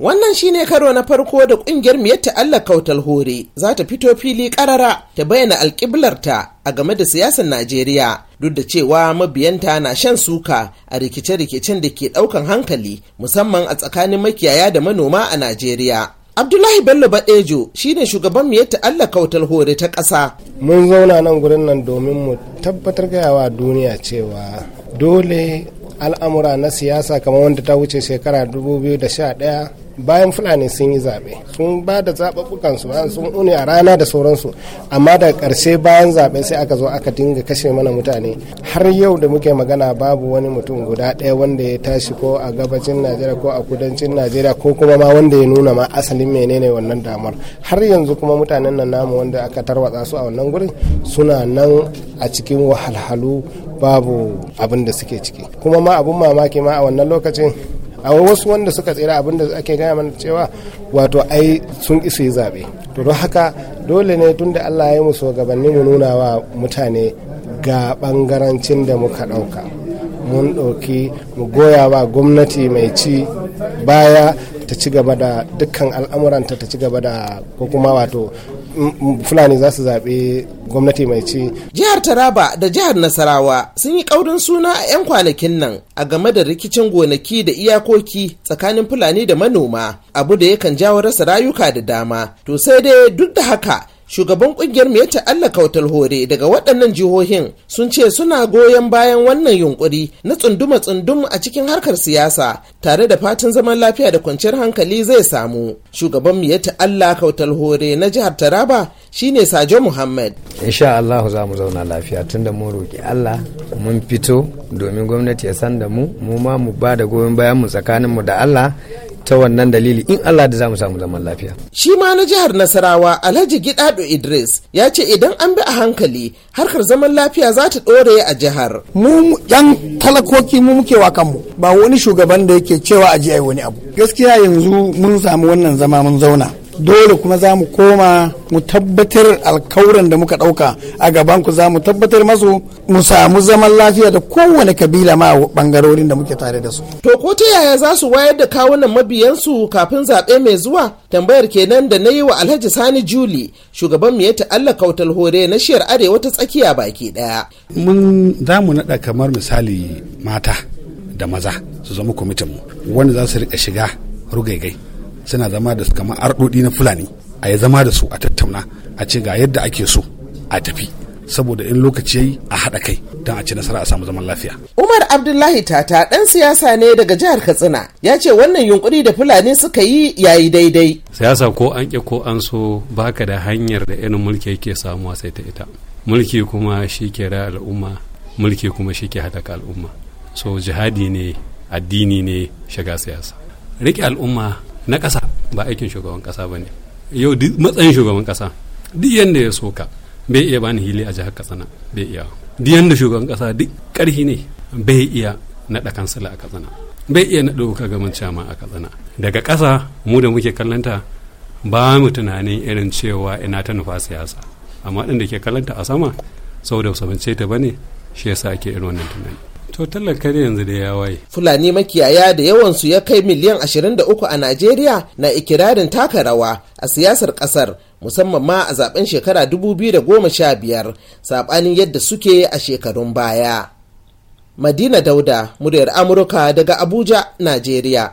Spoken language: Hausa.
Wannan shine karo na farko da kungiyar miyar Allah kautal hore za ta fito fili karara ta bayyana alkiblarta a game da siyasar Najeriya duk da cewa mabiyanta na shan suka a rikice-rikicen da ke ɗaukan hankali musamman a tsakanin makiyaya da manoma a Najeriya. Abdullahi Bello Badejo shi ne shugaban miyar Allah kautal hore ta ƙasa. Mun zauna nan gurin nan domin mu tabbatar gayawa duniya cewa dole al'amura na siyasa kamar wanda ta wuce shekara 2011 bayan fulani sun yi zaɓe sun ba da zaɓaɓɓukansu bayan sun une a rana da sauransu amma da ƙarshe bayan zaɓe sai aka zo aka dinga kashe mana mutane har yau da muke magana babu wani mutum guda ɗaya wanda ya tashi ko a gabacin najeriya ko a kudancin najeriya ko kuma ma wanda ya nuna ma asalin menene wannan damar har yanzu kuma mutanen nan namu wanda aka tarwatsa su a wannan gurin suna nan a cikin wahalhalu babu abin da suke ciki kuma ma abun mamaki ma a wannan lokacin a wasu wanda suka tsira abinda ake gaya mana cewa wato ai sun isa yi zaɓe to don haka dole ne tun da allah ya musu gabanin mu nuna wa mutane ga ɓangarancin da muka ɗauka mun ɗauki mu goya wa gwamnati mai ci baya ta ci gaba da dukkan al'amuranta ta ci gaba da ko kuma wato fulani za su zaɓe gwamnati mai ci. jihar taraba da jihar nasarawa sun yi ƙaurin suna a 'yan kwanakin nan a game da rikicin gonaki da iyakoki tsakanin fulani da manoma abu da yakan jawo rasa rayuka da dama to sai dai duk da haka shugaban kungiyar mai ta Allah kautal hore daga waɗannan jihohin sun ce suna goyon bayan wannan yunkuri na tsunduma tsundum a cikin harkar siyasa tare da fatan zaman lafiya da kwanciyar hankali zai samu shugaban mai ta Allah kautal hore na jihar Taraba shine Sajo Muhammad insha Allah za mu zauna lafiya tunda mun roki Allah mun fito domin gwamnati ya san da mu mu ma mu ba da goyon bayan mu tsakanin mu da Allah ta wannan dalili in Allah da zamu samu zaman lafiya. Shi ma na jihar Nasarawa Alhaji Gidado Idris ya ce idan an bi a hankali harkar zaman lafiya za ta ɗore a jihar. Mu yan talakoki mu muke wa kanmu ba wani shugaban da yake cewa a ji wani abu. Gaskiya yanzu mun samu wannan zama mun zauna dole kuma za mu koma mu tabbatar alkawuran da muka ɗauka a gaban ku za mu tabbatar masu mu samu zaman lafiya da kowane kabila ma bangarorin da muke tare da su. To ko ta yaya za su wayar da kawunan mabiyansu kafin zaɓe mai zuwa? Tambayar kenan da na yi wa Alhaji Sani Juli shugaban mu ya ta'alla kautal hore na shiyar arewa ta tsakiya baki ɗaya. Mun za mu naɗa kamar misali mata da maza su zama kwamitin mu wanda za su riƙa shiga rugaigai suna zama da kama arɗoɗi na fulani a ya zama da su a tattauna a ce ga yadda ake so a tafi saboda in lokaci yayi a haɗa kai don a ci nasara a samu zaman lafiya. Umar Abdullahi Tata ɗan siyasa ne daga jihar Katsina ya ce wannan yunkuri da Fulani suka yi yayi daidai. Siyasa ko an ƙi ko an so baka da hanyar da irin mulki yake samuwa sai ta ita. Mulki kuma shi ke al'umma, mulki kuma shi ke haɗaka al'umma. So jihadi ne, addini ne, shiga siyasa. Riƙe al'umma na ƙasa ba aikin shugaban ƙasa ba ne yau matsayin shugaban ƙasa duk yadda ya soka bai iya bani hili a jihar katsina bai iya duk yadda shugaban ƙasa duk ƙarfi ne bai iya naɗa kansila a katsina bai iya naɗa ka gaban cama a katsina daga ƙasa mu da muke kallanta ba mu tunanin irin cewa ina ta nufa siyasa amma ɗin da ke kallanta a sama saboda sabance ta bane shi yasa ake irin wannan tunani To tallan kare yanzu da ya waye. Fulani makiyaya da yawansu ya kai miliyan 23 a Najeriya na ikirarin taka rawa a siyasar kasar musamman ma a zaben shekara 2015 saɓanin yadda suke a shekarun baya. Madina Dauda, muryar Amurka daga Abuja, Najeriya.